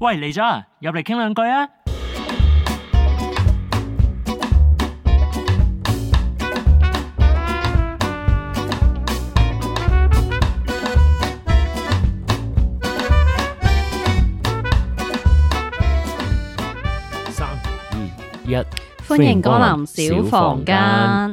喂，嚟咗啊！入嚟傾兩句啊！三二一，歡迎光臨小房間。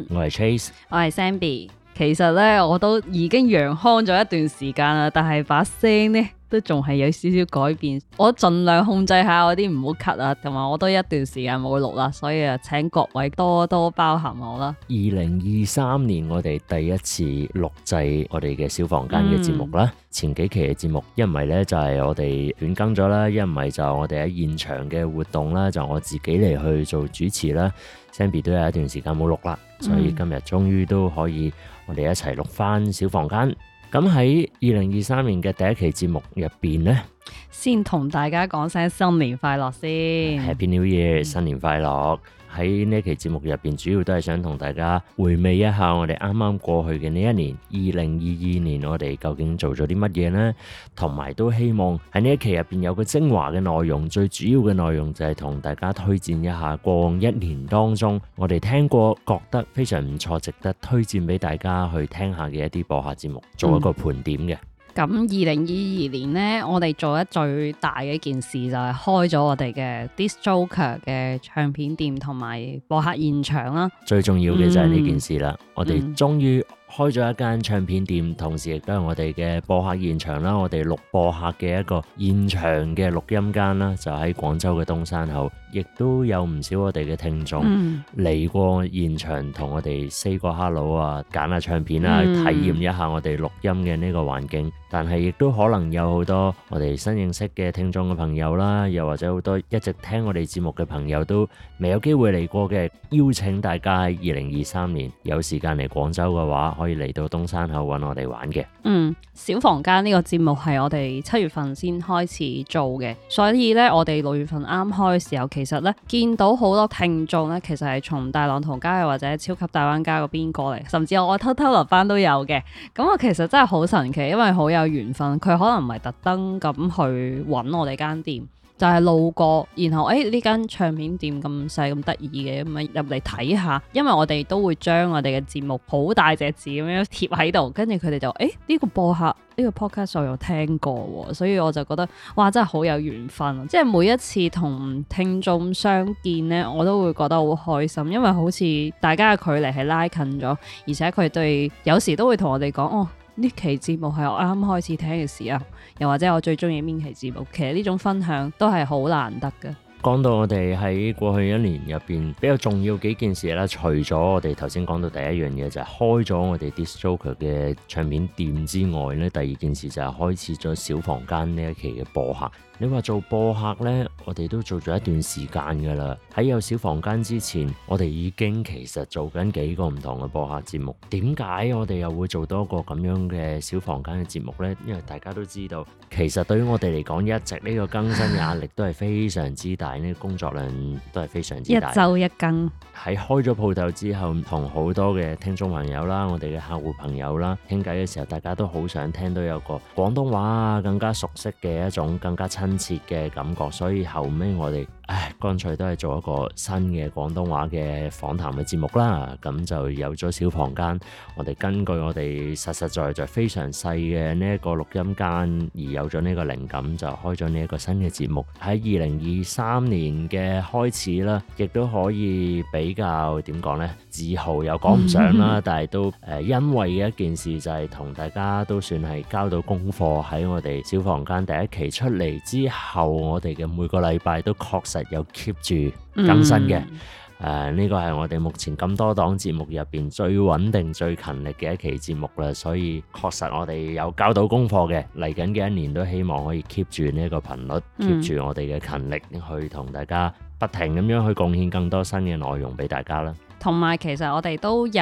我係 Trace，我係 Zenbi。其實咧，我都已經陽康咗一段時間啦，但係把聲呢都仲係有少少改變。我盡量控制下我啲唔好咳啦，同埋我都一段時間冇錄啦，所以啊，請各位多多包涵我啦。二零二三年我哋第一次錄製我哋嘅小房間嘅節目啦。嗯、前幾期嘅節目一唔係咧就係、是、我哋斷更咗啦，一唔係就我哋喺現場嘅活動啦，就是、我自己嚟去做主持啦。Zenbi 都有一段時間冇錄啦，所以今日終於都可以我哋一齊錄翻小房間。咁喺二零二三年嘅第一期節目入邊呢，先同大家講聲新年快樂先。Happy New Year，新年快樂。嗯喺呢期節目入邊，主要都係想同大家回味一下我哋啱啱過去嘅呢一年，二零二二年我哋究竟做咗啲乜嘢呢？同埋都希望喺呢一期入邊有個精華嘅內容，最主要嘅內容就係同大家推薦一下過往一年當中我哋聽過覺得非常唔錯，值得推薦俾大家去聽下嘅一啲播客節目，做一個盤點嘅。咁二零二二年咧，我哋做一最大嘅一件事就係、是、開咗我哋嘅 DISC JOKER 嘅唱片店同埋播客現場啦。最重要嘅就係呢件事啦，嗯、我哋終於。嗯開咗一間唱片店，同時亦都係我哋嘅播客現場啦，我哋錄播客嘅一個現場嘅錄音間啦，就喺廣州嘅東山口，亦都有唔少我哋嘅聽眾嚟、嗯、過現場，同我哋 say 個 Hello 啊，揀下唱片啊，嗯、體驗一下我哋錄音嘅呢個環境。但係亦都可能有好多我哋新認識嘅聽眾嘅朋友啦，又或者好多一直聽我哋節目嘅朋友都未有機會嚟過嘅，邀請大家喺二零二三年有時間嚟廣州嘅話，嚟到東山口揾我哋玩嘅，嗯，小房間呢個節目係我哋七月份先開始做嘅，所以呢，我哋六月份啱開嘅時候，其實呢，見到好多聽眾呢，其實係從大浪淘膠，或者超級大灣加嗰邊過嚟，甚至我偷偷下班都有嘅。咁我其實真係好神奇，因為好有緣分，佢可能唔係特登咁去揾我哋間店。就係路過，然後誒呢間唱片店咁細咁得意嘅，咁啊入嚟睇下，因為我哋都會將我哋嘅節目好大隻字咁樣貼喺度，跟住佢哋就誒呢個播客呢個 podcast 我有聽過喎，所以我就覺得哇真係好有緣分，即係每一次同聽眾相見呢，我都會覺得好開心，因為好似大家嘅距離係拉近咗，而且佢哋有時都會同我哋講。哦呢期節目係我啱啱開始聽嘅時啊，又或者我最中意邊期節目，其實呢種分享都係好難得嘅。講到我哋喺過去一年入邊比較重要幾件事啦，除咗我哋頭先講到第一樣嘢就係、是、開咗我哋 DISC JOKER 嘅唱片店之外，呢第二件事就係開始咗小房間呢一期嘅播客。你話做播客呢，我哋都做咗一段時間㗎啦。喺有小房間之前，我哋已經其實做緊幾個唔同嘅播客節目。點解我哋又會做多個咁樣嘅小房間嘅節目呢？因為大家都知道，其實對於我哋嚟講，一直呢個更新嘅壓力都係非常之大，呢工作量都係非常之大。一周一更。喺開咗鋪頭之後，同好多嘅聽眾朋友啦，我哋嘅客戶朋友啦，傾偈嘅時候，大家都好想聽到有個廣東話啊，更加熟悉嘅一種，更加親。親切嘅感覺，所以後尾我哋。唉，乾脆、哎、都係做一個新嘅廣東話嘅訪談嘅節目啦。咁就有咗小房間，我哋根據我哋實實在在，在非常細嘅呢一個錄音間而有咗呢個靈感，就開咗呢一個新嘅節目。喺二零二三年嘅開始啦，亦都可以比較點講咧，自豪又講唔上啦。嗯嗯嗯，但係都誒、呃、因為一件事就係同大家都算係交到功課，喺我哋小房間第一期出嚟之後，我哋嘅每個禮拜都確實。有 keep 住更新嘅，誒呢、嗯啊呢個係我哋目前咁多檔節目入邊最穩定、最勤力嘅一期節目啦，所以確實我哋有交到功課嘅。嚟緊嘅一年都希望可以 keep 住呢個頻率，keep 住、嗯、我哋嘅勤力，去同大家不停咁樣去貢獻更多新嘅內容俾大家啦。同埋，其實我哋都有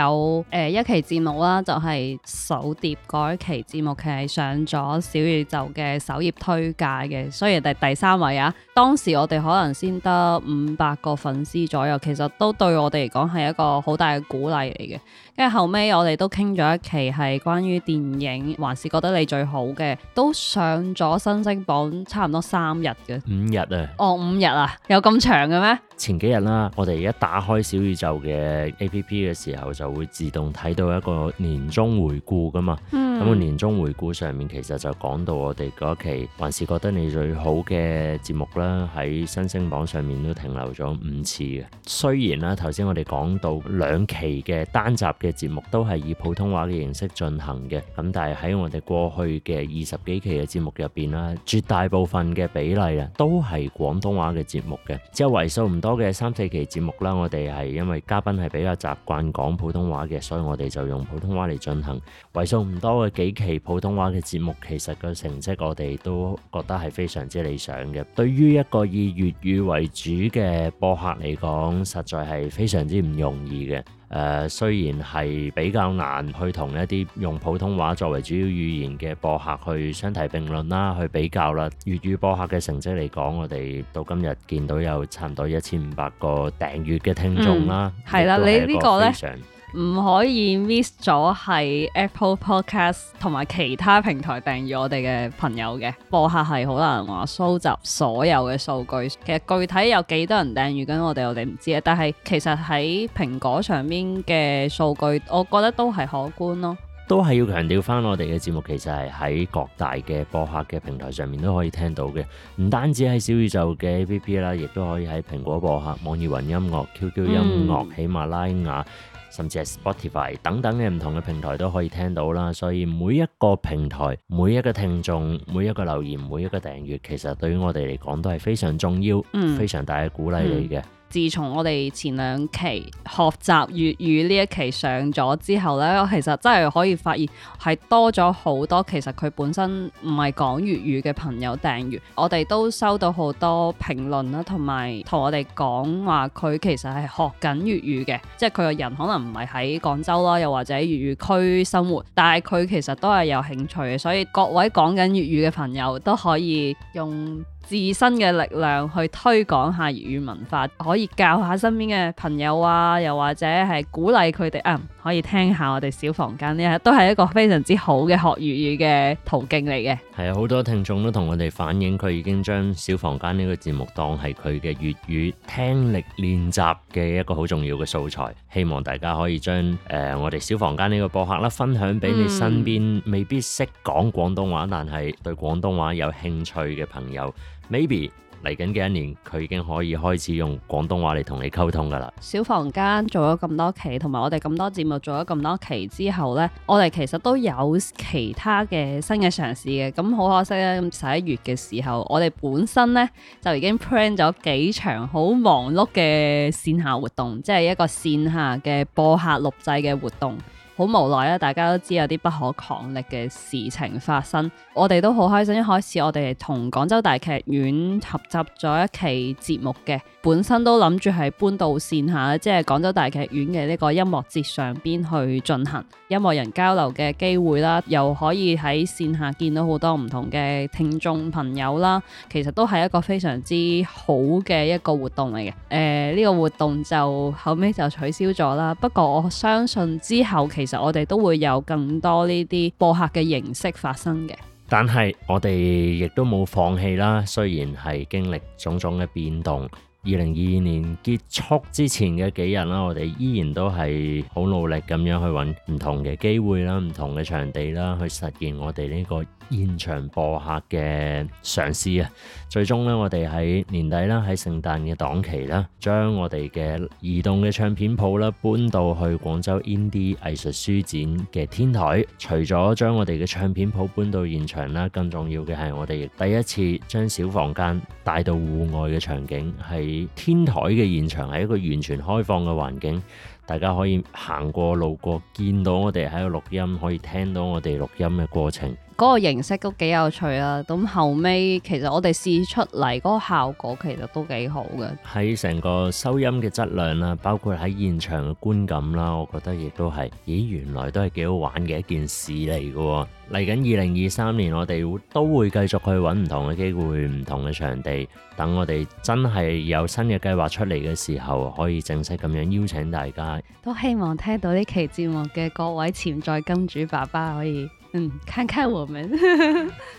誒、呃、一期節目啦，就係、是、首碟嗰一期節目，佢係上咗小宇宙嘅首頁推介嘅，所以第第三位啊，當時我哋可能先得五百個粉絲左右，其實都對我哋嚟講係一個好大嘅鼓勵嚟嘅。跟住後尾我哋都傾咗一期係關於電影，還是覺得你最好嘅，都上咗新星榜差唔多三日嘅、啊哦，五日啊，哦五日啊，有咁長嘅咩？前幾日啦，我哋而家打開小宇宙嘅。A P P 嘅時候就會自動睇到一個年終回顧噶嘛，咁個、嗯、年終回顧上面其實就講到我哋嗰期還是覺得你最好嘅節目啦，喺新星榜上面都停留咗五次嘅。雖然啦、啊，頭先我哋講到兩期嘅單集嘅節目都係以普通話嘅形式進行嘅，咁但係喺我哋過去嘅二十幾期嘅節目入邊啦，絕大部分嘅比例啊都係廣東話嘅節目嘅，只有為數唔多嘅三四期節目啦，我哋係因為嘉賓。係比較習慣講普通話嘅，所以我哋就用普通話嚟進行為數唔多嘅幾期普通話嘅節目。其實個成績我哋都覺得係非常之理想嘅。對於一個以粵語為主嘅播客嚟講，實在係非常之唔容易嘅。誒、uh, 雖然係比較難去同一啲用普通話作為主要語言嘅播客去相提並論啦，去比較啦，粵語播客嘅成績嚟講，我哋到今日見到有差唔多一千五百個訂閱嘅聽眾啦。係啦、嗯，啊、你呢個呢？唔可以 miss 咗喺 Apple Podcast 同埋其他平台訂閱我哋嘅朋友嘅播客，係好難話收集所有嘅數據。其實具體有幾多人訂閱緊我哋，我哋唔知啊。但係其實喺蘋果上面嘅數據，我覺得都係可觀咯。都係要強調翻，我哋嘅節目其實係喺各大嘅播客嘅平台上面都可以聽到嘅。唔單止喺小宇宙嘅 APP 啦，亦都可以喺蘋果播客、網易雲音樂、QQ 音樂、喜馬拉雅。嗯甚至係 Spotify 等等嘅唔同嘅平台都可以聽到啦，所以每一個平台、每一個聽眾、每一個留言、每一個訂閱，其實對於我哋嚟講都係非常重要、嗯、非常大嘅鼓勵嚟嘅。嗯自從我哋前兩期學習粵語呢一期上咗之後呢，我其實真係可以發現係多咗好多其實佢本身唔係講粵語嘅朋友訂閱，我哋都收到好多評論啦，同埋同我哋講話佢其實係學緊粵語嘅，即係佢個人可能唔係喺廣州啦，又或者粵語區生活，但係佢其實都係有興趣嘅，所以各位講緊粵語嘅朋友都可以用自身嘅力量去推廣下粵語文化，可以教下身邊嘅朋友啊，又或者係鼓勵佢哋啊。可以聽下我哋小房間呢，都係一個非常之好嘅學粵語嘅途徑嚟嘅。係啊，好多聽眾都同我哋反映，佢已經將小房間呢個節目當係佢嘅粵語聽力練習嘅一個好重要嘅素材。希望大家可以將誒、呃、我哋小房間呢個播客啦，分享俾你身邊未必識講廣東話，嗯、但係對廣東話有興趣嘅朋友，maybe。嚟緊嘅一年，佢已經可以開始用廣東話嚟同你溝通噶啦。小房間做咗咁多期，同埋我哋咁多節目做咗咁多期之後呢，我哋其實都有其他嘅新嘅嘗試嘅。咁好可惜咧，十一月嘅時候，我哋本身呢，就已經 plan 咗幾場好忙碌嘅線下活動，即係一個線下嘅播客錄製嘅活動。好無奈啊！大家都知道有啲不可抗力嘅事情發生，我哋都好開心。一開始我哋同廣州大劇院合作咗一期節目嘅。本身都諗住係搬到線下，即係廣州大劇院嘅呢個音樂節上邊去進行音樂人交流嘅機會啦，又可以喺線下見到好多唔同嘅聽眾朋友啦。其實都係一個非常之好嘅一個活動嚟嘅。誒，呢個活動就後尾就取消咗啦。不過我相信之後其實我哋都會有更多呢啲播客嘅形式發生嘅。但係我哋亦都冇放棄啦，雖然係經歷種種嘅變動。二零二二年結束之前嘅幾日啦，我哋依然都係好努力咁樣去揾唔同嘅機會啦、唔同嘅場地啦，去實現我哋呢個現場播客嘅嘗試啊！最終呢，我哋喺年底啦，喺聖誕嘅檔期啦，將我哋嘅移動嘅唱片鋪啦搬到去廣州 Indie 藝術書展嘅天台。除咗將我哋嘅唱片鋪搬到現場啦，更重要嘅係我哋第一次將小房間帶到戶外嘅場景，喺天台嘅現場係一個完全開放嘅環境。大家可以行過路過見到我哋喺度錄音，可以聽到我哋錄音嘅過程，嗰個形式都幾有趣呀。咁後尾其實我哋試出嚟嗰個效果，其實都幾好嘅。喺成個收音嘅質量啦，包括喺現場嘅觀感啦，我覺得亦都係，咦，原來都係幾好玩嘅一件事嚟嘅。嚟緊二零二三年，我哋都會繼續去揾唔同嘅機會、唔同嘅場地，等我哋真係有新嘅計劃出嚟嘅時候，可以正式咁樣邀請大家。都希望聽到呢期節目嘅各位潛在金主爸爸可以，嗯，看看我們。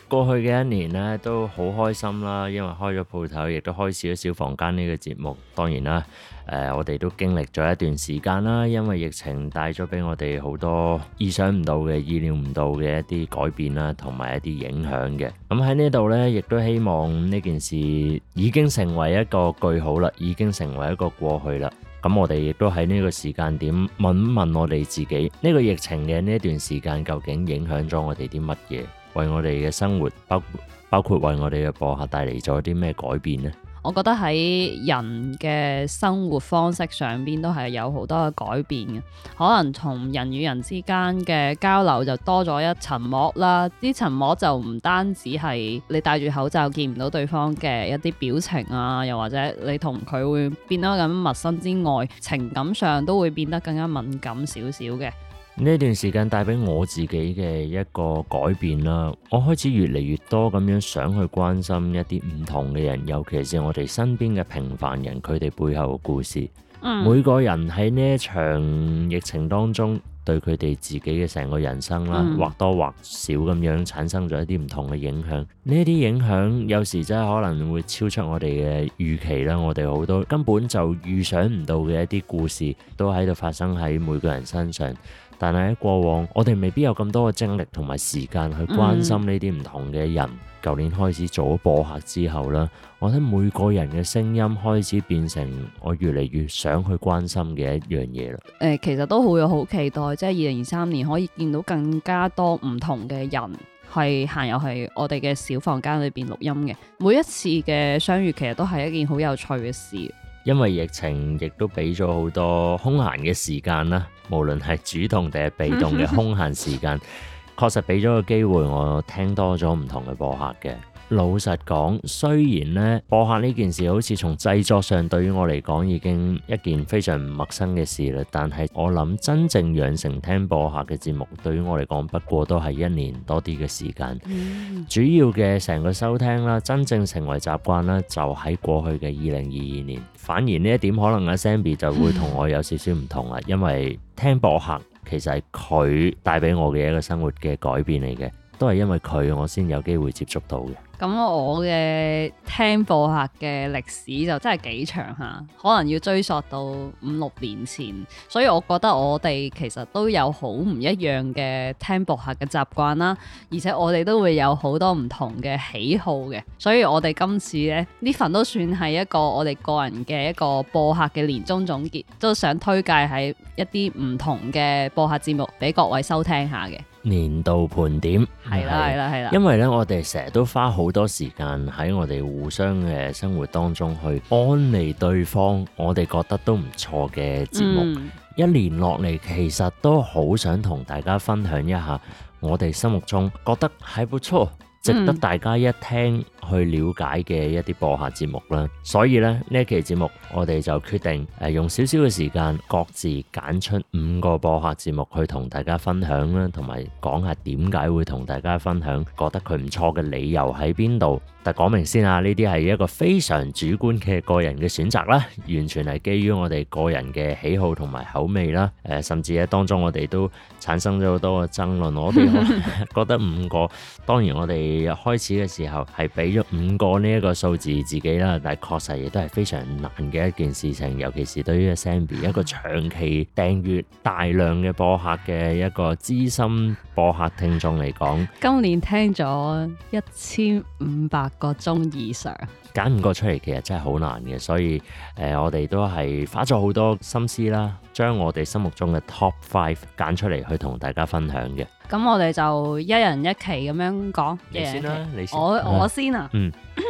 過去嘅一年呢，都好開心啦，因為開咗鋪頭，亦都開始咗小房間呢個節目，當然啦。誒、呃，我哋都經歷咗一段時間啦，因為疫情帶咗俾我哋好多意想唔到嘅，意料唔到嘅一啲改變啦，同埋一啲影響嘅。咁喺呢度呢，亦都希望呢件事已經成為一個句號啦，已經成為一個過去啦。咁我哋亦都喺呢個時間點問一問我哋自己，呢個疫情嘅呢段時間究竟影響咗我哋啲乜嘢？為我哋嘅生活包括包括為我哋嘅播客帶嚟咗啲咩改變呢？我覺得喺人嘅生活方式上邊都係有好多嘅改變嘅，可能同人與人之間嘅交流就多咗一層膜啦。呢層膜就唔單止係你戴住口罩見唔到對方嘅一啲表情啊，又或者你同佢會變得咁陌生之外，情感上都會變得更加敏感少少嘅。呢段時間帶俾我自己嘅一個改變啦，我開始越嚟越多咁樣想去關心一啲唔同嘅人，尤其是我哋身邊嘅平凡人，佢哋背後嘅故事。嗯，每個人喺呢一場疫情當中，對佢哋自己嘅成個人生啦，嗯，或多或少咁樣產生咗一啲唔同嘅影響。呢啲影響有時真係可能會超出我哋嘅預期啦，我哋好多根本就預想唔到嘅一啲故事都喺度發生喺每個人身上。但係喺過往，我哋未必有咁多嘅精力同埋時間去關心呢啲唔同嘅人。舊、嗯、年開始做咗播客之後啦，我睇每個人嘅聲音開始變成我越嚟越想去關心嘅一樣嘢啦。誒，其實都好有好期待，即係二零二三年可以見到更加多唔同嘅人係行入去我哋嘅小房間裏邊錄音嘅。每一次嘅相遇，其實都係一件好有趣嘅事。因為疫情亦都俾咗好多空閒嘅時間啦，無論係主動定係被動嘅空閒時間，確實俾咗個機會，我聽多咗唔同嘅播客嘅。老實講，雖然咧播客呢件事好似從製作上對於我嚟講已經一件非常唔陌生嘅事啦，但係我諗真正養成聽播客嘅節目，對於我嚟講不過都係一年多啲嘅時間。嗯、主要嘅成個收聽啦，真正成為習慣啦，就喺過去嘅二零二二年。反而呢一點可能阿 Zenbi 就會同我有少少唔同啦，嗯、因為聽播客其實係佢帶俾我嘅一個生活嘅改變嚟嘅，都係因為佢我先有機會接觸到嘅。咁我嘅聽播客嘅歷史就真係幾長嚇，可能要追溯到五六年前，所以我覺得我哋其實都有好唔一樣嘅聽播客嘅習慣啦，而且我哋都會有好多唔同嘅喜好嘅，所以我哋今次咧呢份都算係一個我哋個人嘅一個播客嘅年終總結，都想推介喺一啲唔同嘅播客節目俾各位收聽下嘅年度盤點。係啦，係啦，係啦，因為咧我哋成日都花好。好多時間喺我哋互相嘅生活當中去安利對方，我哋覺得都唔錯嘅節目。嗯，一年落嚟，其實都好想同大家分享一下我哋心目中覺得係不錯，值得大家一聽。嗯去了解嘅一啲播客節目啦，所以咧呢一期節目我哋就決定誒、呃、用少少嘅時間，各自揀出五個播客節目去同大家分享啦，同埋講下點解會同大家分享，覺得佢唔錯嘅理由喺邊度。但講明先啊，呢啲係一個非常主觀嘅個人嘅選擇啦，完全係基於我哋個人嘅喜好同埋口味啦。誒、呃，甚至喺當中我哋都產生咗好多嘅爭論。我哋 覺得五個，當然我哋開始嘅時候係比。五個呢一個數字自己啦，但係確實亦都係非常難嘅一件事情，尤其是對於 Sammy 一個長期訂閱大量嘅播客嘅一個資深播客聽眾嚟講，今年聽咗一千五百個鐘以上。揀五個出嚟，其實真係好難嘅，所以誒、呃，我哋都係花咗好多心思啦，將我哋心目中嘅 Top Five 揀出嚟去同大家分享嘅。咁我哋就一人一期咁樣講，你先啦，一一我先我，我先啊，嗯，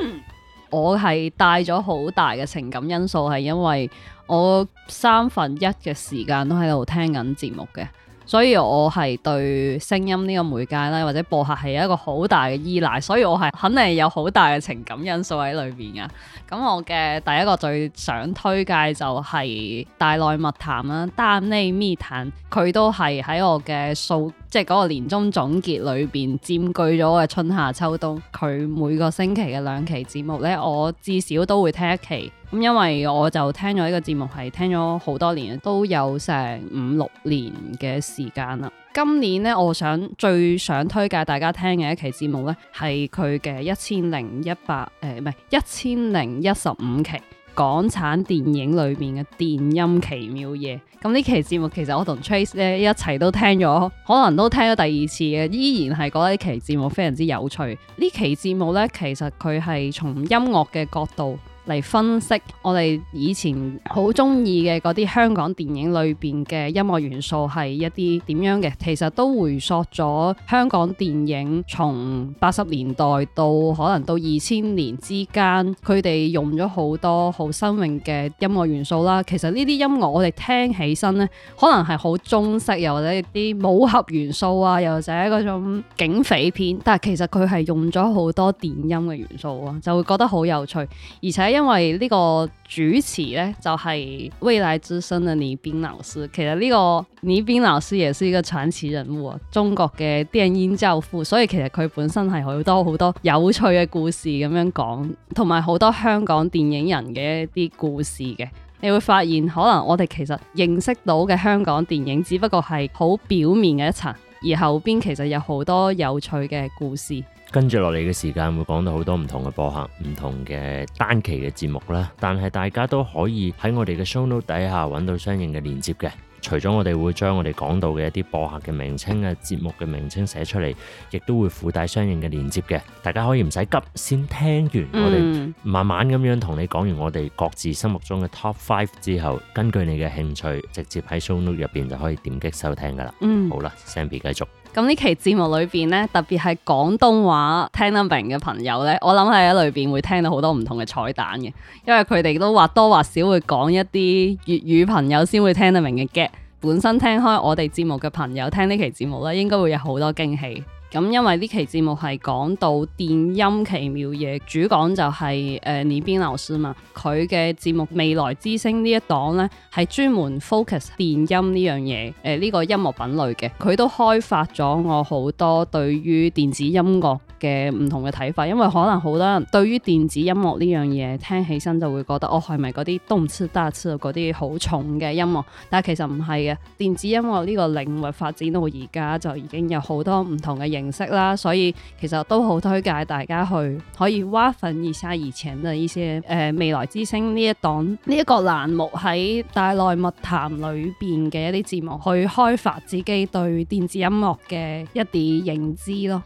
我係帶咗好大嘅情感因素，係因為我三分一嘅時間都喺度聽緊節目嘅。所以我係對聲音呢個媒介啦，或者播客係一個好大嘅依賴，所以我係肯定有好大嘅情感因素喺裏邊噶。咁我嘅第一個最想推介就係《大內密談》啦，《丹尼密談》，佢都係喺我嘅數，即係嗰個年終總結裏邊佔據咗我嘅春夏秋冬。佢每個星期嘅兩期節目呢，我至少都會聽一期。咁，因為我就聽咗呢個節目，係聽咗好多年，都有成五六年嘅時間啦。今年呢，我想最想推介大家聽嘅一期節目呢，係佢嘅一千零一百誒，唔係一千零一十五期港產電影裏面嘅電音奇妙夜。咁、嗯、呢期節目其實我同 Trace 咧一齊都聽咗，可能都聽咗第二次嘅，依然係覺得呢期節目非常之有趣。呢期節目呢，其實佢係從音樂嘅角度。嚟分析我哋以前好中意嘅嗰啲香港電影裏邊嘅音樂元素係一啲點樣嘅？其實都回溯咗香港電影從八十年代到可能到二千年之間，佢哋用咗好多好新穎嘅音樂元素啦。其實呢啲音樂我哋聽起身咧，可能係好中式，又或者啲武俠元素啊，又或者嗰種警匪片，但係其實佢係用咗好多電音嘅元素啊，就會覺得好有趣，而且。因為呢個主持呢，就係、是、未來之聲嘅倪斌老師，其實呢個倪斌老師也是一個傳奇人物，中國嘅電音教父，所以其實佢本身係好多好多有趣嘅故事咁樣講，同埋好多香港電影人嘅一啲故事嘅，你會發現可能我哋其實認識到嘅香港電影只不過係好表面嘅一層，而後邊其實有好多有趣嘅故事。跟住落嚟嘅時間會講到好多唔同嘅播客、唔同嘅單期嘅節目啦。但係大家都可以喺我哋嘅 show note 底下揾到相應嘅連結嘅。除咗我哋會將我哋講到嘅一啲播客嘅名稱啊、節目嘅名稱寫出嚟，亦都會附帶相應嘅連結嘅。大家可以唔使急，先聽完我哋，慢慢咁樣同你講完我哋各自心目中嘅 Top Five 之後，根據你嘅興趣，直接喺 show note 入邊就可以點擊收聽㗎啦。嗯。好啦，Zenbi 繼續。咁呢期節目裏邊呢，特別係廣東話聽得明嘅朋友呢，我諗喺裏邊會聽到好多唔同嘅彩蛋嘅，因為佢哋都或多或少會講一啲粵語朋友先會聽得明嘅 gap。本身聽開我哋節目嘅朋友聽呢期節目呢，應該會有好多驚喜。咁、嗯、因為呢期節目係講到電音奇妙嘢，主講就係誒呢邊老師啊嘛。佢嘅節目《未來之星》呢一檔咧，係專門 focus 電音呢樣嘢，誒、呃、呢、呢個音樂品類嘅。佢都開發咗我好多對於電子音樂嘅唔同嘅睇法，因為可能好多人對於電子音樂呢樣嘢聽起身就會覺得，哦係咪嗰啲 drum and bass 啲好重嘅音樂，但係其實唔係嘅，電子音樂呢個領域發展到而家就已經有好多唔同嘅型。形啦，所以其實都好推介大家去可以挖粉而沙而請啊！呢啲誒未來之星呢一檔呢一個欄目喺大內密談裏邊嘅一啲節目，去開發自己對電子音樂嘅一啲認知咯，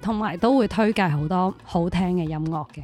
同埋都會推介好多好聽嘅音樂嘅。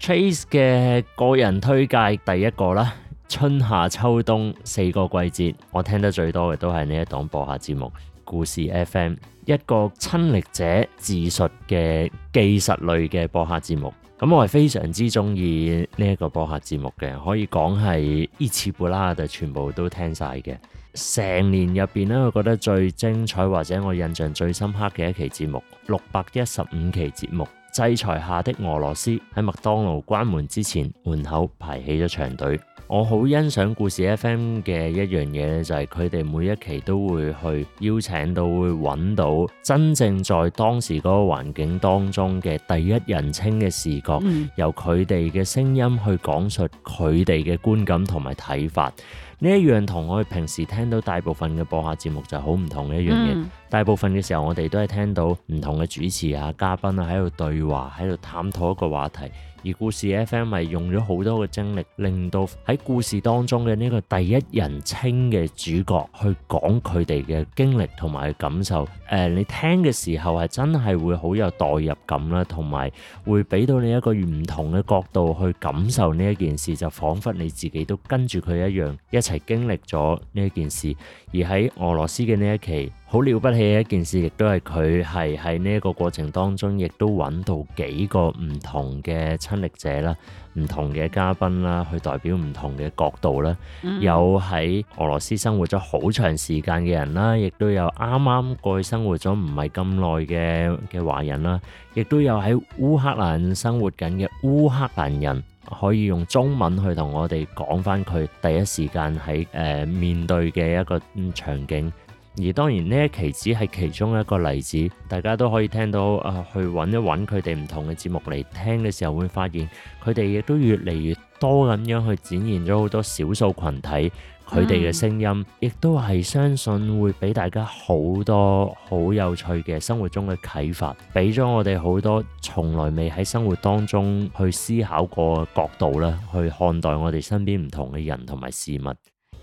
Trace 嘅個人推介第一個啦，春夏秋冬四個季節，我聽得最多嘅都係呢一檔播客節目。故事 FM 一個親歷者自述嘅紀實類嘅播客節目，咁、嗯、我係非常之中意呢一個播客節目嘅，可以講係一次布拉就全部都聽晒嘅，成年入邊咧，我覺得最精彩或者我印象最深刻嘅一期節目，六百一十五期節目，制裁下的俄羅斯喺麥當勞關門之前門口排起咗長隊。我好欣賞故事 F.M. 嘅一樣嘢,就係佢哋每一期都會去邀請到，會揾到真正在當時嗰個環境當中嘅第一人稱嘅視角，嗯、由佢哋嘅聲音去講述佢哋嘅觀感同埋睇法。呢一樣同我哋平時聽到大部分嘅播客節目就好唔同嘅一樣嘢。嗯、大部分嘅時候我哋都係聽到唔同嘅主持啊嘉賓啊喺度對話，喺度探討一個話題。而故事 FM 係用咗好多嘅精力，令到喺故事當中嘅呢個第一人稱嘅主角去講佢哋嘅經歷同埋感受。呃，你聽嘅時候係真係會好有代入感啦，同埋會俾到你一個唔同嘅角度去感受呢件事，就仿佛你自己都跟住佢一樣，一齊經歷咗呢件事。而喺俄羅斯嘅呢一期，好了不起嘅一件事，亦都係佢係喺呢一個過程當中，亦都揾到幾個唔同嘅親歷者啦，唔同嘅嘉賓啦，去代表唔同嘅角度啦。嗯、哼有喺俄羅斯生活咗好長時間嘅人啦，亦都有啱啱過去生活咗唔係咁耐嘅嘅華人啦，亦都有喺烏克蘭生活緊嘅烏克蘭人，可以用中文去同我哋講翻佢第一時間喺誒、呃、面對嘅一個場景。而當然呢一期只係其中一個例子，大家都可以聽到啊，去揾一揾佢哋唔同嘅節目嚟聽嘅時候，會發現佢哋亦都越嚟越多咁樣去展現咗好多少數群體佢哋嘅聲音，亦、嗯、都係相信會俾大家好多好有趣嘅生活中嘅啟發，俾咗我哋好多從來未喺生活當中去思考過嘅角度啦，去看待我哋身邊唔同嘅人同埋事物。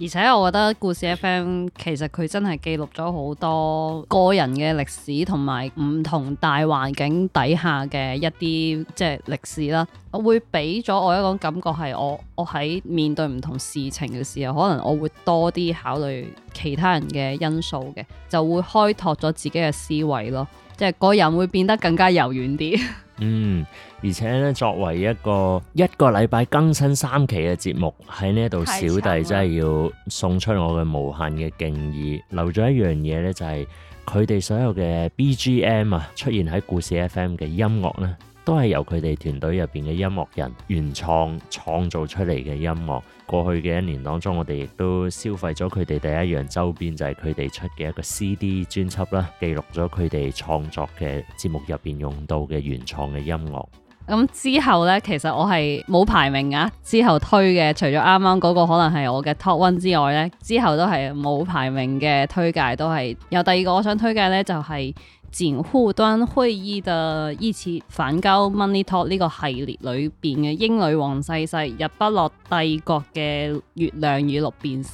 而且我覺得故事 FM 其實佢真係記錄咗好多個人嘅歷史，同埋唔同大環境底下嘅一啲即係歷史啦。我會俾咗我一種感覺，係我我喺面對唔同事情嘅時候，可能我會多啲考慮其他人嘅因素嘅，就會開拓咗自己嘅思維咯。即係個人會變得更加柔軟啲。嗯，而且咧，作為一個一個禮拜更新三期嘅節目喺呢一度，小弟真係要送出我嘅無限嘅敬意。留咗一樣嘢咧，就係佢哋所有嘅 BGM 啊，出現喺故事 FM 嘅音樂咧。都係由佢哋團隊入邊嘅音樂人原創創造出嚟嘅音樂。過去嘅一年當中，我哋亦都消費咗佢哋第一樣周邊，就係佢哋出嘅一個 CD 專輯啦，記錄咗佢哋創作嘅節目入邊用到嘅原創嘅音樂。咁、嗯、之後呢，其實我係冇排名啊。之後推嘅，除咗啱啱嗰個可能係我嘅 Top One 之外呢，之後都係冇排名嘅推介，都係。有第二個我想推介呢，就係，就係。井滬端會議的依次梵高 Money Talk 呢個系列裏邊嘅英女王逝世，日不落帝國嘅月亮與六便士。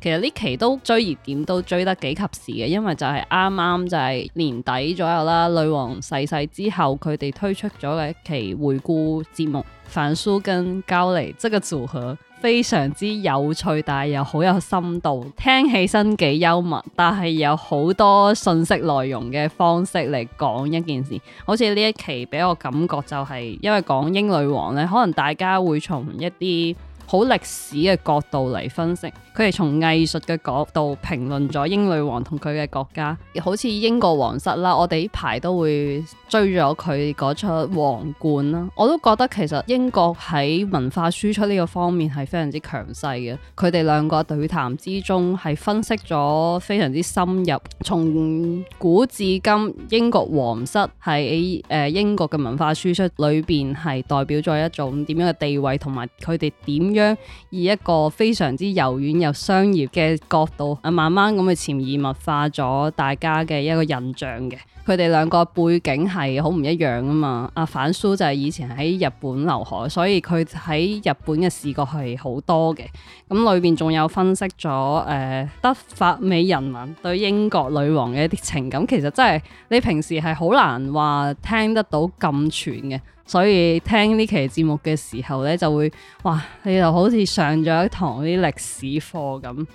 其實呢期都追熱點都追得幾及時嘅，因為就係啱啱就係年底左右啦。女王逝世之後，佢哋推出咗嘅一期回顧節目。凡書跟交流，即、這個組合非常之有趣，但係又好有深度，聽起身幾幽默，但係有好多信息內容嘅方式嚟講一件事。好似呢一期俾我感覺就係、是，因為講英女王咧，可能大家會從一啲。好歷史嘅角度嚟分析，佢哋從藝術嘅角度評論咗英女王同佢嘅國家，好似英國皇室啦。我哋呢排都會追咗佢嗰出《皇冠》啦。我都覺得其實英國喺文化輸出呢個方面係非常之強勢嘅。佢哋兩個對談之中係分析咗非常之深入。從古至今，英國皇室喺誒英國嘅文化輸出裏邊係代表咗一種點樣嘅地位，同埋佢哋點樣。以一個非常之柔軟又商業嘅角度，啊，慢慢咁去潛移默化咗大家嘅一個印象嘅。佢哋兩個背景係好唔一樣啊嘛。阿、啊、反蘇就係以前喺日本留學，所以佢喺日本嘅視覺係好多嘅。咁裏面仲有分析咗誒、呃，德法美人民對英國女王嘅一啲情感，其實真係你平時係好難話聽得到咁全嘅。所以聽呢期節目嘅時候呢，就會哇，你就好似上咗一堂啲歷史課咁，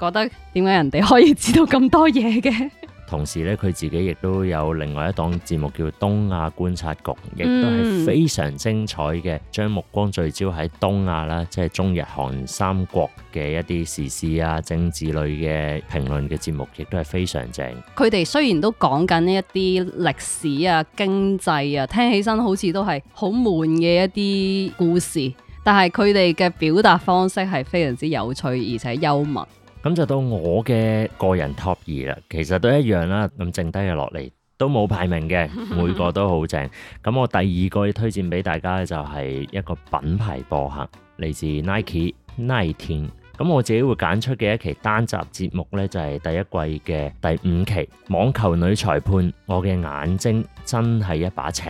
覺得點解人哋可以知道咁多嘢嘅？同時咧，佢自己亦都有另外一檔節目叫《東亞觀察局》，亦都係非常精彩嘅，將目光聚焦喺東亞啦，即係中日韓三國嘅一啲時事啊、政治類嘅評論嘅節目，亦都係非常正。佢哋雖然都講緊一啲歷史啊、經濟啊，聽起身好似都係好悶嘅一啲故事，但係佢哋嘅表達方式係非常之有趣，而且幽默。咁就到我嘅個人 top 二啦，其實都一樣啦。咁剩低嘅落嚟都冇排名嘅，每個都好正。咁我第二個要推薦俾大家嘅就係一個品牌播客，嚟自 Nike 耐聽。咁我自己會揀出嘅一期單集節目呢，就係、是、第一季嘅第五期《網球女裁判》，我嘅眼睛真係一把尺。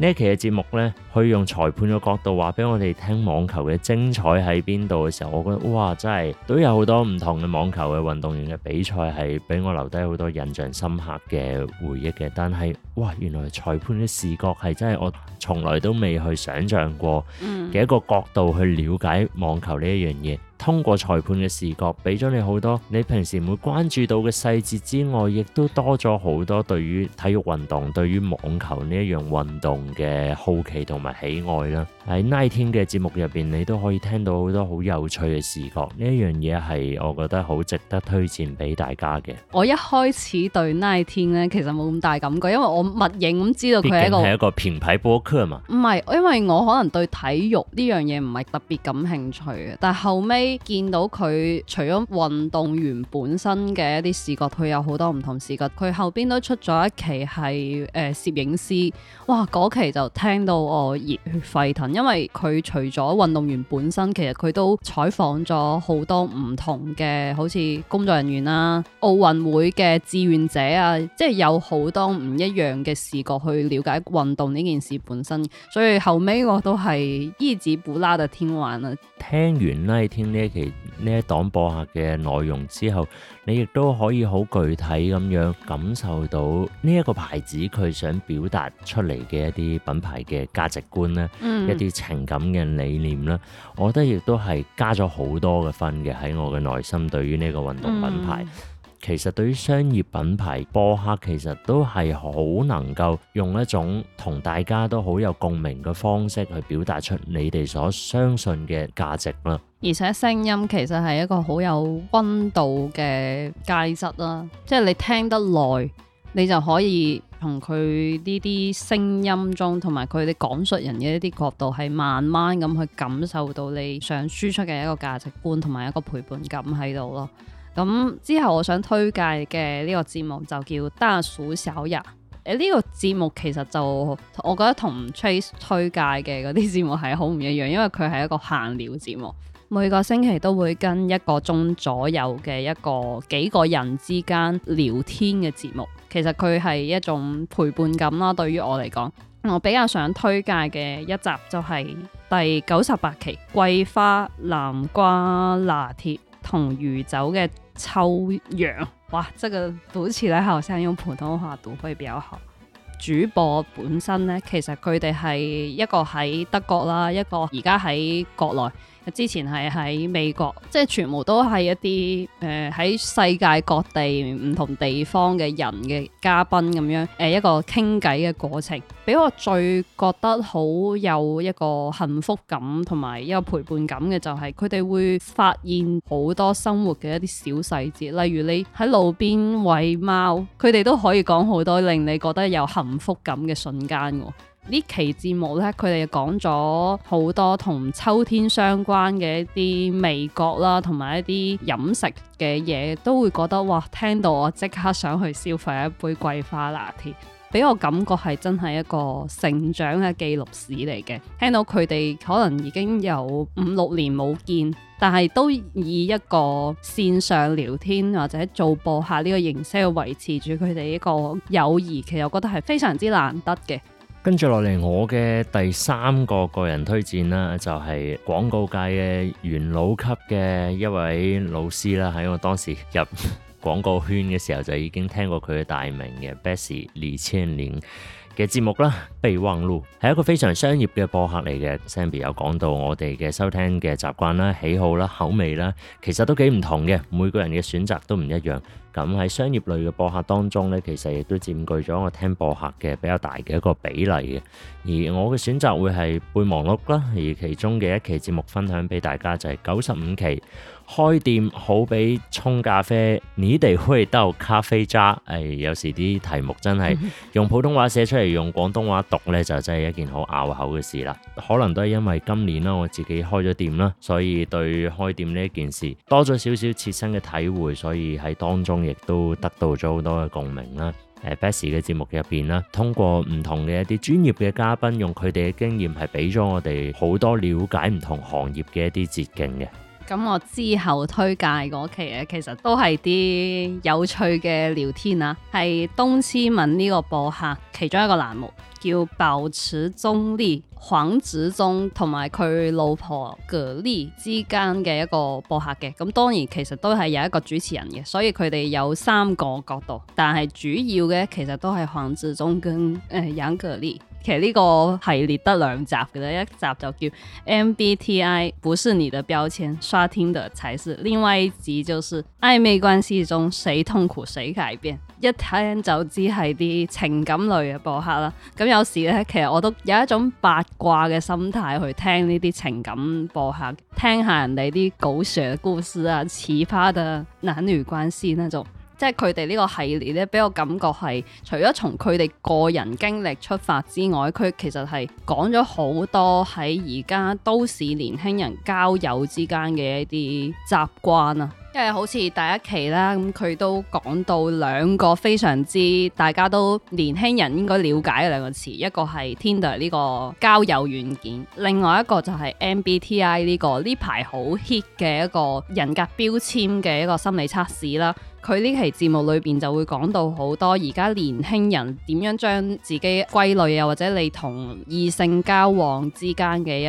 呢一期嘅節目呢，可以用裁判嘅角度話俾我哋聽網球嘅精彩喺邊度嘅時候，我覺得哇，真係都有好多唔同嘅網球嘅運動員嘅比賽係俾我留低好多印象深刻嘅回憶嘅。但係哇，原來裁判嘅視角係真係我從來都未去想象過嘅一個角度去了解網球呢一樣嘢。通過裁判嘅視角，俾咗你好多你平時唔會關注到嘅細節之外，亦都多咗好多對於體育運動、對於網球呢一樣運動嘅好奇同埋喜愛啦。喺耐聽嘅節目入邊，你都可以聽到好多好有趣嘅視角，呢一樣嘢係我覺得好值得推薦俾大家嘅。我一開始對耐聽呢，其實冇咁大感覺，因為我默認咁知道佢係一個，畢竟係一個品牌播客嘛。唔係，因為我可能對體育呢樣嘢唔係特別感興趣嘅，但後尾，見到佢除咗運動員本身嘅一啲視覺，佢有好多唔同視覺。佢後邊都出咗一期係誒攝影師，哇！嗰期就聽到我熱血沸騰，因為佢除咗運動員本身，其實佢都採訪咗好多唔同嘅，好似工作人員啦、啊、奧運會嘅志願者啊，即係有好多唔一樣嘅視覺去了解運動呢件事本身。所以後尾我都係依止布拉就聽完啊，聽完啦，聽。呢期呢一檔播客嘅內容之後，你亦都可以好具體咁樣感受到呢一個牌子，佢想表達出嚟嘅一啲品牌嘅價值觀啦，嗯、一啲情感嘅理念啦，我覺得亦都係加咗好多嘅分嘅喺我嘅內心對於呢個運動品牌。嗯其實對於商業品牌播客，其實都係好能夠用一種同大家都好有共鳴嘅方式去表達出你哋所相信嘅價值啦。而且聲音其實係一個好有溫度嘅介質啦，即係你聽得耐，你就可以從佢呢啲聲音中，同埋佢哋講述人嘅一啲角度，係慢慢咁去感受到你想輸出嘅一個價值觀同埋一個陪伴感喺度咯。咁、嗯、之後我想推介嘅呢個節目就叫大俗小雅。誒呢、欸這個節目其實就我覺得同 Trace 推介嘅嗰啲節目係好唔一樣，因為佢係一個閒聊節目，每個星期都會跟一個鐘左右嘅一個幾個人之間聊天嘅節目。其實佢係一種陪伴感啦，對於我嚟講，我比較想推介嘅一集就係第九十八期《桂花南瓜拿鐵同如酒》嘅秋陽，哇！這個讀起來好像用普通話讀會比較好。主播本身咧，其實佢哋係一個喺德國啦，一個而家喺國內。之前係喺美國，即係全部都係一啲誒喺世界各地唔同地方嘅人嘅嘉賓咁樣誒、呃、一個傾偈嘅過程。俾我最覺得好有一個幸福感同埋一個陪伴感嘅就係佢哋會發現好多生活嘅一啲小細節，例如你喺路邊餵貓，佢哋都可以講好多令你覺得有幸福感嘅瞬間喎。呢期節目咧，佢哋講咗好多同秋天相關嘅一啲味覺啦，同埋一啲飲食嘅嘢，都會覺得哇！聽到我即刻想去消費一杯桂花拿鐵，俾我感覺係真係一個成長嘅記錄史嚟嘅。聽到佢哋可能已經有五六年冇見，但係都以一個線上聊天或者做播客呢個形式去維持住佢哋呢個友誼，其實我覺得係非常之難得嘅。跟住落嚟，我嘅第三個個人推薦啦，就係廣告界嘅元老級嘅一位老師啦。喺我當時入廣告圈嘅時候，就已經聽過佢嘅大名嘅，Bessie Lee Chien。嘅節目啦，貝忘錄係一個非常商業嘅播客嚟嘅。Sammy 有講到我哋嘅收聽嘅習慣啦、喜好啦、口味啦，其實都幾唔同嘅，每個人嘅選擇都唔一樣。咁喺商業類嘅播客當中呢，其實亦都佔據咗我聽播客嘅比較大嘅一個比例嘅。而我嘅選擇會係貝忘錄啦，而其中嘅一期節目分享俾大家就係九十五期。開店好比沖咖啡，你得會倒咖啡渣。誒、哎，有時啲題目真係 用普通話寫出嚟，用廣東話讀呢，就真係一件好拗口嘅事啦。可能都係因為今年啦，我自己開咗店啦，所以對開店呢件事多咗少少切身嘅體會，所以喺當中亦都得到咗好多嘅共鳴啦。誒，Best 嘅節目入邊啦，通過唔同嘅一啲專業嘅嘉賓，用佢哋嘅經驗係俾咗我哋好多了解唔同行業嘅一啲捷徑嘅。咁我之後推介嗰期咧，其實都係啲有趣嘅聊天啦，啊，係東七門呢個播客其中一個欄目，叫保持中莉，黃執中同埋佢老婆葛莉之間嘅一個播客嘅，咁當然其實都係有一個主持人嘅，所以佢哋有三個角度，但係主要嘅其實都係黃執中跟誒楊葛莉。呃其實呢個系列得兩集嘅，一集就叫 MBTI 不是你的標籤，刷 Tinder 才是。另外一集就是曖昧關係中誰痛苦誰改變，一聽就知係啲情感類嘅播客啦。咁有時咧，其實我都有一種八卦嘅心態去聽呢啲情感播客，聽下人哋啲狗血嘅故事啊、奇葩啊、男女關係呢種。即係佢哋呢個系列咧，俾我感覺係除咗從佢哋個人經歷出發之外，佢其實係講咗好多喺而家都市年輕人交友之間嘅一啲習慣啊。誒、呃，好似第一期啦，咁、嗯、佢都講到兩個非常之大家都年輕人應該了解嘅兩個詞，一個係 Tinder 呢個交友軟件，另外一個就係 MBTI 呢、呢個呢排好 hit 嘅一個人格標籤嘅一個心理測試啦。佢呢期節目裏邊就會講到好多而家年輕人點樣將自己歸類啊，或者你同異性交往之間嘅一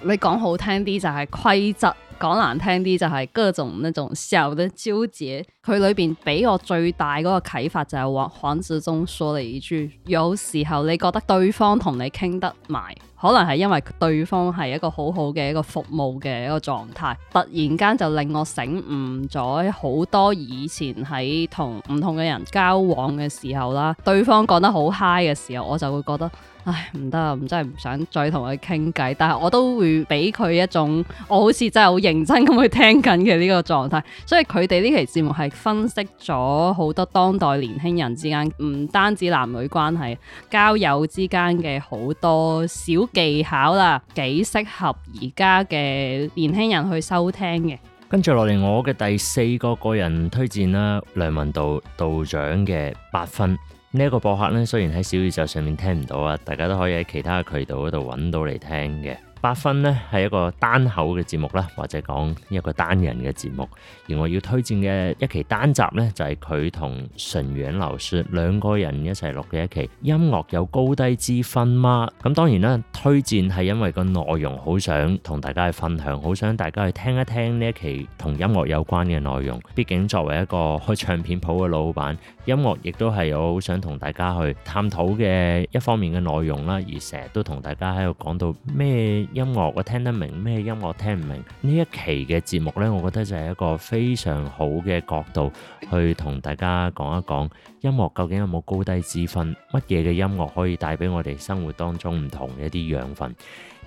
啲，你講好聽啲就係規則。講難聽啲就係各種那種時候的糾結，佢裏面俾我最大嗰個啟發就係黃黃執中說了一句：有時候你覺得對方同你傾得埋。可能係因為對方係一個好好嘅一個服務嘅一個狀態，突然間就令我醒悟咗好多以前喺同唔同嘅人交往嘅時候啦，對方講得好嗨嘅時候，我就會覺得，唉唔得，啊，唔真係唔想再同佢傾偈，但係我都會俾佢一種我好似真係好認真咁去聽緊嘅呢個狀態，所以佢哋呢期節目係分析咗好多當代年輕人之間唔單止男女關係交友之間嘅好多小。技巧啦，幾適合而家嘅年輕人去收聽嘅。跟住落嚟，我嘅第四個個人推薦啦，梁文道道長嘅八分呢一個播客呢，雖然喺小宇宙上面聽唔到啊，大家都可以喺其他渠道嗰度揾到嚟聽嘅。八分呢係一個單口嘅節目啦，或者講一個單人嘅節目。而我要推薦嘅一期單集呢，就係佢同純陽流雪兩個人一齊錄嘅一期。音樂有高低之分嗎？咁當然啦，推薦係因為個內容好想同大家去分享，好想大家去聽一聽呢一期同音樂有關嘅內容。畢竟作為一個開唱片鋪嘅老闆，音樂亦都係我好想同大家去探討嘅一方面嘅內容啦。而成日都同大家喺度講到咩音樂我聽得明，咩音樂聽唔明。呢一期嘅節目呢，我覺得就係一個非常好嘅角度，去同大家講一講音樂究竟有冇高低之分，乜嘢嘅音樂可以帶俾我哋生活當中唔同嘅一啲養分。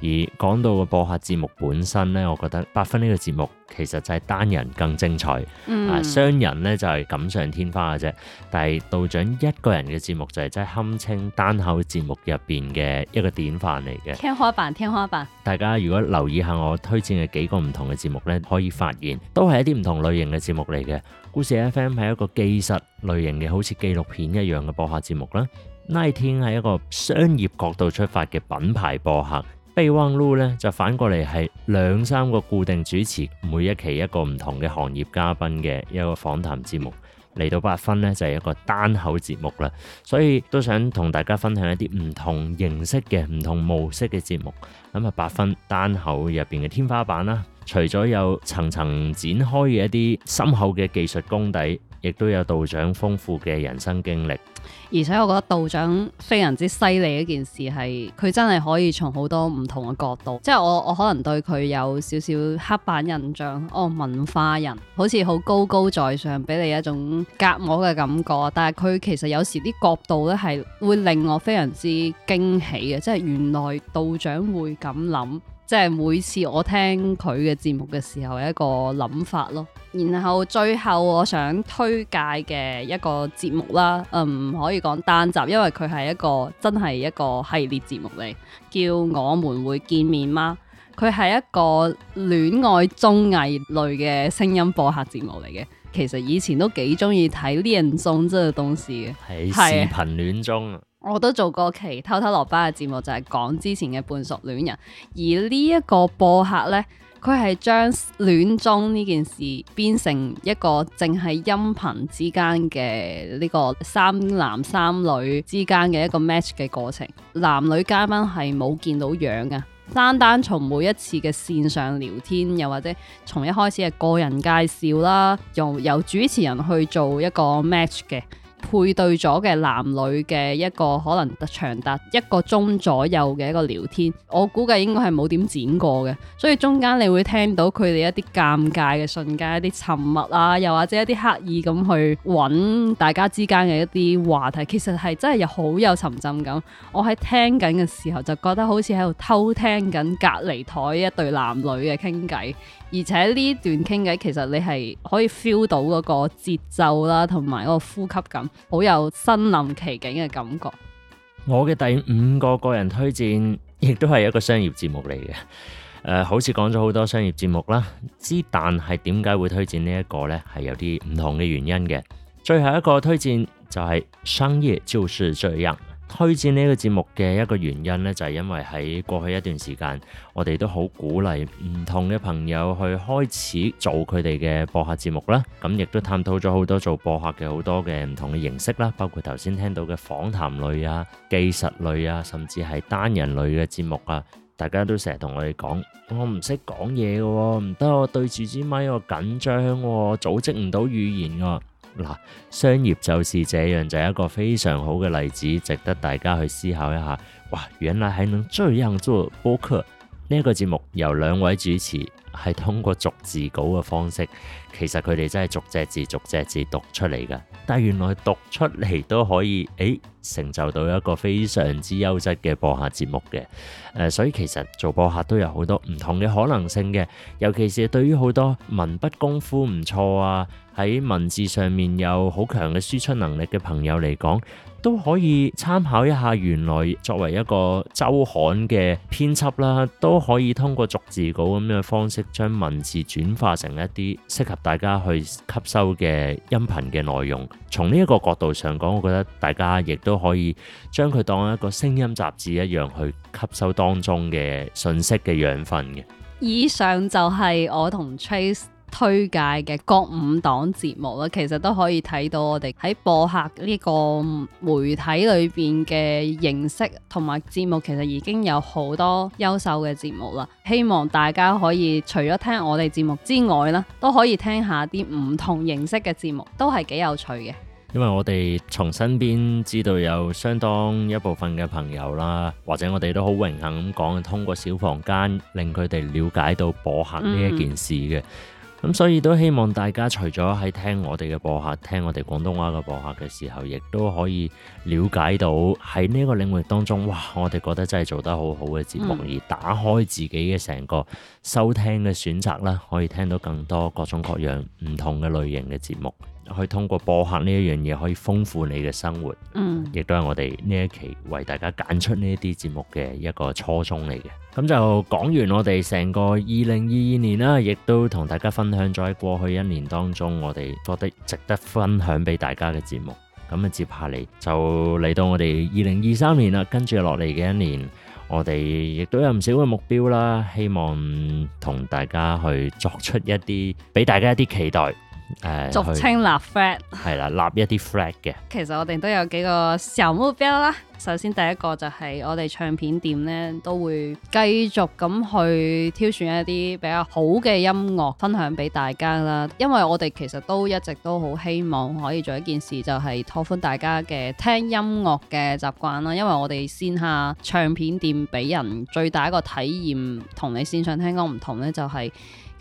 而講到個播客節目本身呢，我覺得八分呢個節目其實就係單人更精彩、嗯、啊。雙人呢就係、是、錦上添花嘅啫。但係道長一個人嘅節目就係真係堪稱單口節目入邊嘅一個典範嚟嘅天花板，天花板。大家如果留意下我推薦嘅幾個唔同嘅節目呢，可以發現都係一啲唔同類型嘅節目嚟嘅。故事 F.M. 係一個技術類型嘅，好似紀錄片一樣嘅播客節目啦。嗯、耐聽係一個商業角度出發嘅品牌播客。《貝忘錄》咧就反過嚟係兩三個固定主持，每一期一個唔同嘅行業嘉賓嘅一個訪談節目。嚟到八分呢，就係、是、一個單口節目啦，所以都想同大家分享一啲唔同形式嘅、唔同模式嘅節目。咁啊，八分單口入邊嘅天花板啦，除咗有層層展開嘅一啲深厚嘅技術功底，亦都有道長豐富嘅人生經歷，而且我覺得道長非常之犀利。一件事係佢真係可以從好多唔同嘅角度，即係我我可能對佢有少少刻板印象，哦，文化人好似好高高在上，俾你一種隔膜嘅感覺。但係佢其實有時啲角度咧係會令我非常之驚喜嘅，即係原來道長會咁諗。即係每次我聽佢嘅節目嘅時候一個諗法咯，然後最後我想推介嘅一個節目啦，嗯，唔可以講單集，因為佢係一個真係一個系列節目嚟，叫我們會見面嗎？佢係一個戀愛綜藝類嘅聲音播客節目嚟嘅，其實以前都幾中意睇戀綜，即係東西嘅視頻戀綜啊。我都做過期偷偷落班嘅節目，就係講之前嘅半熟戀人。而呢一個播客呢，佢係將戀綜呢件事變成一個淨係音頻之間嘅呢個三男三女之間嘅一個 match 嘅過程。男女嘉賓係冇見到樣嘅，單單從每一次嘅線上聊天，又或者從一開始嘅個人介紹啦，由由主持人去做一個 match 嘅。配對咗嘅男女嘅一個可能達長達一個鐘左右嘅一個聊天，我估計應該係冇點剪過嘅，所以中間你會聽到佢哋一啲尷尬嘅瞬間、一啲沉默啊，又或者一啲刻意咁去揾大家之間嘅一啲話題，其實係真係有好有沉浸感。我喺聽緊嘅時候就覺得好似喺度偷聽緊隔離枱一對男女嘅傾偈。而且呢段傾偈，其實你係可以 feel 到嗰個節奏啦，同埋嗰個呼吸感，好有身臨其境嘅感覺。我嘅第五個個人推薦，亦都係一個商業節目嚟嘅。誒、呃，好似講咗好多商業節目啦，之但係點解會推薦呢一個呢？係有啲唔同嘅原因嘅。最後一個推薦就係《商業就是這樣》。推薦呢個節目嘅一個原因呢，就係、是、因為喺過去一段時間，我哋都好鼓勵唔同嘅朋友去開始做佢哋嘅播客節目啦。咁、嗯、亦都探討咗好多做播客嘅好多嘅唔同嘅形式啦，包括頭先聽到嘅訪談類啊、技術類啊，甚至係單人類嘅節目啊。大家都成日同我哋講：我唔識講嘢嘅喎，唔得，我對住支咪我緊張、哦，組織唔到語言㗎、哦。嗱，商業就是這樣，就係、是、一個非常好嘅例子，值得大家去思考一下。哇，原來係能咁樣做播客呢、這個節目，由兩位主持。係通過逐字稿嘅方式，其實佢哋真係逐隻字逐隻字讀出嚟噶。但係原來讀出嚟都可以，誒，成就到一個非常之優質嘅播客節目嘅。呃，所以其實做播客都有好多唔同嘅可能性嘅，尤其是對於好多文筆功夫唔錯啊，喺文字上面有好強嘅輸出能力嘅朋友嚟講。都可以參考一下，原來作為一個周刊嘅編輯啦，都可以通過逐字稿咁樣嘅方式，將文字轉化成一啲適合大家去吸收嘅音頻嘅內容。從呢一個角度上講，我覺得大家亦都可以將佢當一個聲音雜誌一樣去吸收當中嘅信息嘅養分嘅。以上就係我同 Trace 推介嘅各五檔節目啦，其實都可以睇到我哋喺播客呢個媒體裏邊嘅形式同埋節目，其實已經有好多優秀嘅節目啦。希望大家可以除咗聽我哋節目之外啦，都可以聽下啲唔同形式嘅節目，都係幾有趣嘅。因為我哋從身邊知道有相當一部分嘅朋友啦，或者我哋都好榮幸咁講，通過小房間令佢哋了解到播客呢一件事嘅。嗯咁所以都希望大家除咗喺聽我哋嘅播客，聽我哋廣東話嘅播客嘅時候，亦都可以了解到喺呢個領域當中，哇！我哋覺得真係做得好好嘅節目，而打開自己嘅成個收聽嘅選擇啦，可以聽到更多各種各樣唔同嘅類型嘅節目。去通過播客呢一樣嘢，可以豐富你嘅生活，嗯，亦都係我哋呢一期為大家揀出呢一啲節目嘅一個初衷嚟嘅。咁就講完我哋成個二零二二年啦，亦都同大家分享咗喺過去一年當中，我哋覺得值得分享俾大家嘅節目。咁啊，接下嚟就嚟到我哋二零二三年啦，跟住落嚟嘅一年，我哋亦都有唔少嘅目標啦，希望同大家去作出一啲，俾大家一啲期待。俗稱立 flag，係啦，立一啲 flag 嘅。其實我哋都有幾個小目標啦。首先第一個就係我哋唱片店呢都會繼續咁去挑選一啲比較好嘅音樂分享俾大家啦，因為我哋其實都一直都好希望可以做一件事，就係拓寬大家嘅聽音樂嘅習慣啦。因為我哋線下唱片店俾人最大一個體驗同你線上聽歌唔同呢、就係，就係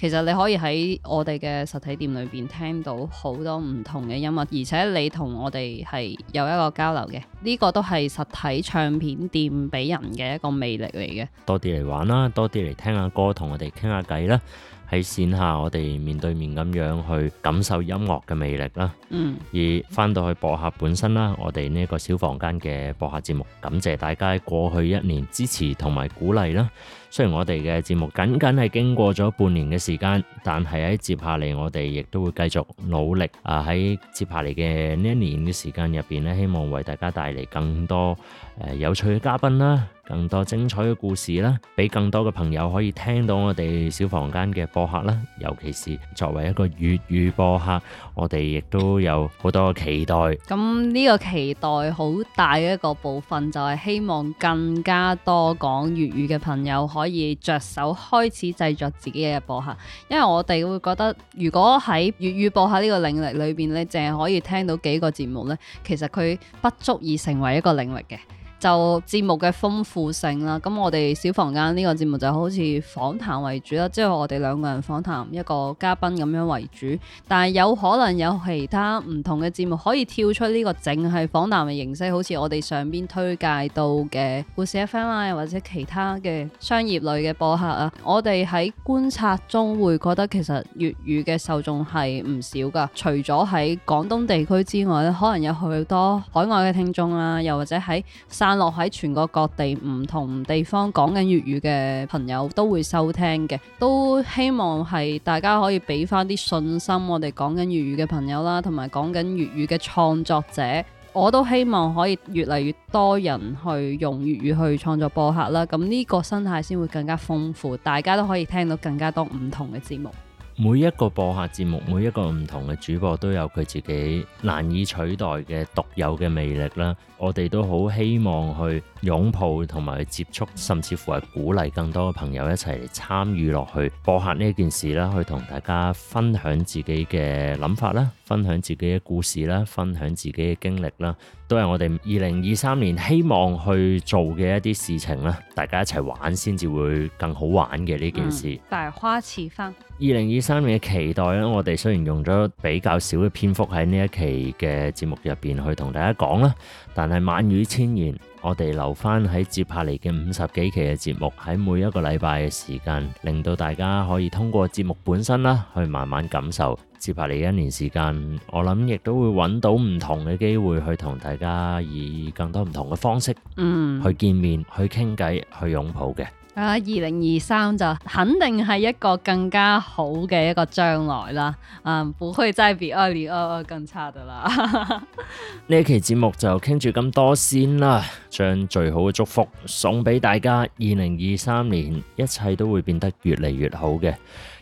其實你可以喺我哋嘅實體店裏邊聽到好多唔同嘅音樂，而且你同我哋係有一個交流嘅，呢、呢個都係實。睇唱片店俾人嘅一個魅力嚟嘅，多啲嚟玩啦，多啲嚟聽下歌，同我哋傾下偈啦。喺線下我哋面對面咁樣去感受音樂嘅魅力啦。嗯，而翻到去播客本身啦，我哋呢個小房間嘅播客節目，感謝大家過去一年支持同埋鼓勵啦。雖然我哋嘅節目僅僅係經過咗半年嘅時間，但係喺接下嚟我哋亦都會繼續努力啊！喺接下嚟嘅呢一年嘅時間入邊呢，希望為大家帶嚟更多誒、呃、有趣嘅嘉賓啦，更多精彩嘅故事啦，俾更多嘅朋友可以聽到我哋小房間嘅播客啦。尤其是作為一個粵語播客，我哋亦都有好多期待。咁呢個期待好大嘅一個部分，就係、是、希望更加多講粵語嘅朋友。可以着手開始製作自己嘅播客，因為我哋會覺得，如果喺粵語播客呢個領域裏邊咧，淨係可以聽到幾個節目咧，其實佢不足以成為一個領域嘅。就節目嘅豐富性啦，咁我哋小房間呢個節目就好似訪談為主啦，即係我哋兩個人訪談一個嘉賓咁樣為主，但係有可能有其他唔同嘅節目可以跳出呢個淨係訪談嘅形式，好似我哋上邊推介到嘅故事 FM 啊，或者其他嘅商業類嘅播客啊，我哋喺觀察中會覺得其實粵語嘅受眾係唔少噶，除咗喺廣東地區之外咧，可能有許多海外嘅聽眾啊，又或者喺散落喺全國各地唔同地方講緊粵語嘅朋友都會收聽嘅，都希望係大家可以俾翻啲信心我哋講緊粵語嘅朋友啦，同埋講緊粵語嘅創作者，我都希望可以越嚟越多人去用粵語去創作播客啦，咁呢個生態先會更加豐富，大家都可以聽到更加多唔同嘅節目。每一個播客節目，每一個唔同嘅主播都有佢自己難以取代嘅獨有嘅魅力啦。我哋都好希望去擁抱同埋去接觸，甚至乎係鼓勵更多嘅朋友一齊嚟參與落去，播下呢件事啦，去同大家分享自己嘅諗法啦，分享自己嘅故事啦，分享自己嘅經歷啦，都係我哋二零二三年希望去做嘅一啲事情啦。大家一齊玩先至會更好玩嘅呢件事。嗯，百花齊放。二零二三年嘅期待咧，我哋雖然用咗比較少嘅篇幅喺呢一期嘅節目入邊去同大家講啦，但係萬語千言，我哋留翻喺接下嚟嘅五十幾期嘅節目，喺每一個禮拜嘅時間，令到大家可以通過節目本身啦，去慢慢感受接下嚟一年時間。我諗亦都會揾到唔同嘅機會，去同大家以更多唔同嘅方式，嗯，去見面、去傾偈、去擁抱嘅。二零二三就肯定係一個更加好嘅一個將來啦。啊，不會真係比二零二二更差噶啦。呢期節目就傾住咁多先啦，將最好嘅祝福送俾大家。二零二三年一切都會變得越嚟越好嘅。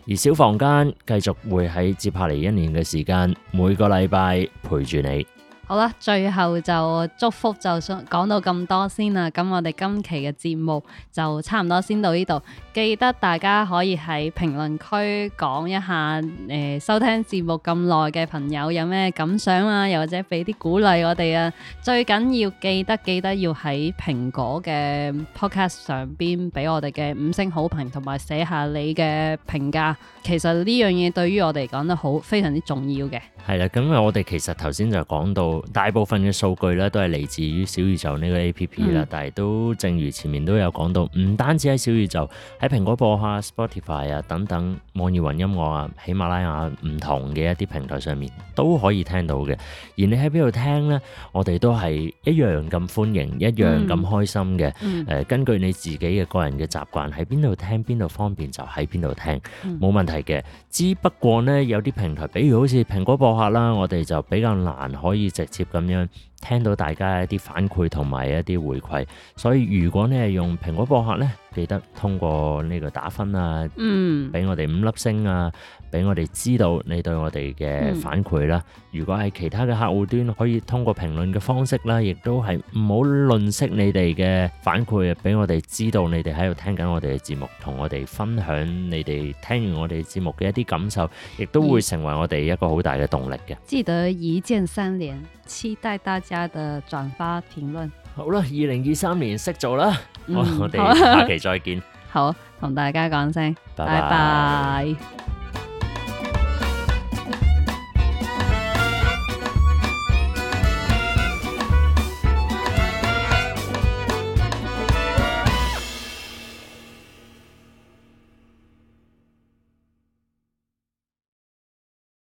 而小房間繼續會喺接下嚟一年嘅時間，每個禮拜陪住你。好啦，最後就祝福就講到咁多先啦。咁我哋今期嘅節目就差唔多先到呢度。記得大家可以喺評論區講一下，誒、呃，收聽節目咁耐嘅朋友有咩感想啊？又或者俾啲鼓勵我哋啊？最緊要記得記得要喺蘋果嘅 Podcast 上邊俾我哋嘅五星好評，同埋寫下你嘅評價。其實呢樣嘢對於我哋嚟講得好非常之重要嘅。係啦，咁我哋其實頭先就講到。大部分嘅數據咧都係嚟自於小宇宙呢個 A P P 啦，但係都正如前面都有講到，唔單止喺小宇宙，喺蘋果播客、啊、Spotify 啊等等網易雲音樂啊、喜馬拉雅唔同嘅一啲平台上面都可以聽到嘅。而你喺邊度聽呢？我哋都係一樣咁歡迎，一樣咁開心嘅。誒、嗯呃，根據你自己嘅個人嘅習慣，喺邊度聽邊度方便就喺邊度聽，冇問題嘅。嗯、只不過呢，有啲平台，比如好似蘋果播客啦，我哋就比較難可以直直接咁樣聽到大家一啲反饋同埋一啲回饋，所以如果你係用蘋果播客咧，記得通過呢個打分啊，俾、嗯、我哋五粒星啊。俾我哋知道你對我哋嘅反饋啦。嗯、如果係其他嘅客戶端，可以通過評論嘅方式啦，亦都係唔好吝嗇你哋嘅反饋，俾我哋知道你哋喺度聽緊我哋嘅節目，同我哋分享你哋聽完我哋節目嘅一啲感受，亦都會成為我哋一個好大嘅動力嘅。記得一鍵三連，期待大家嘅轉發評論。好啦，二零二三年識做啦，嗯哦、我哋下期再見。 好，同大家講聲拜拜。Bye bye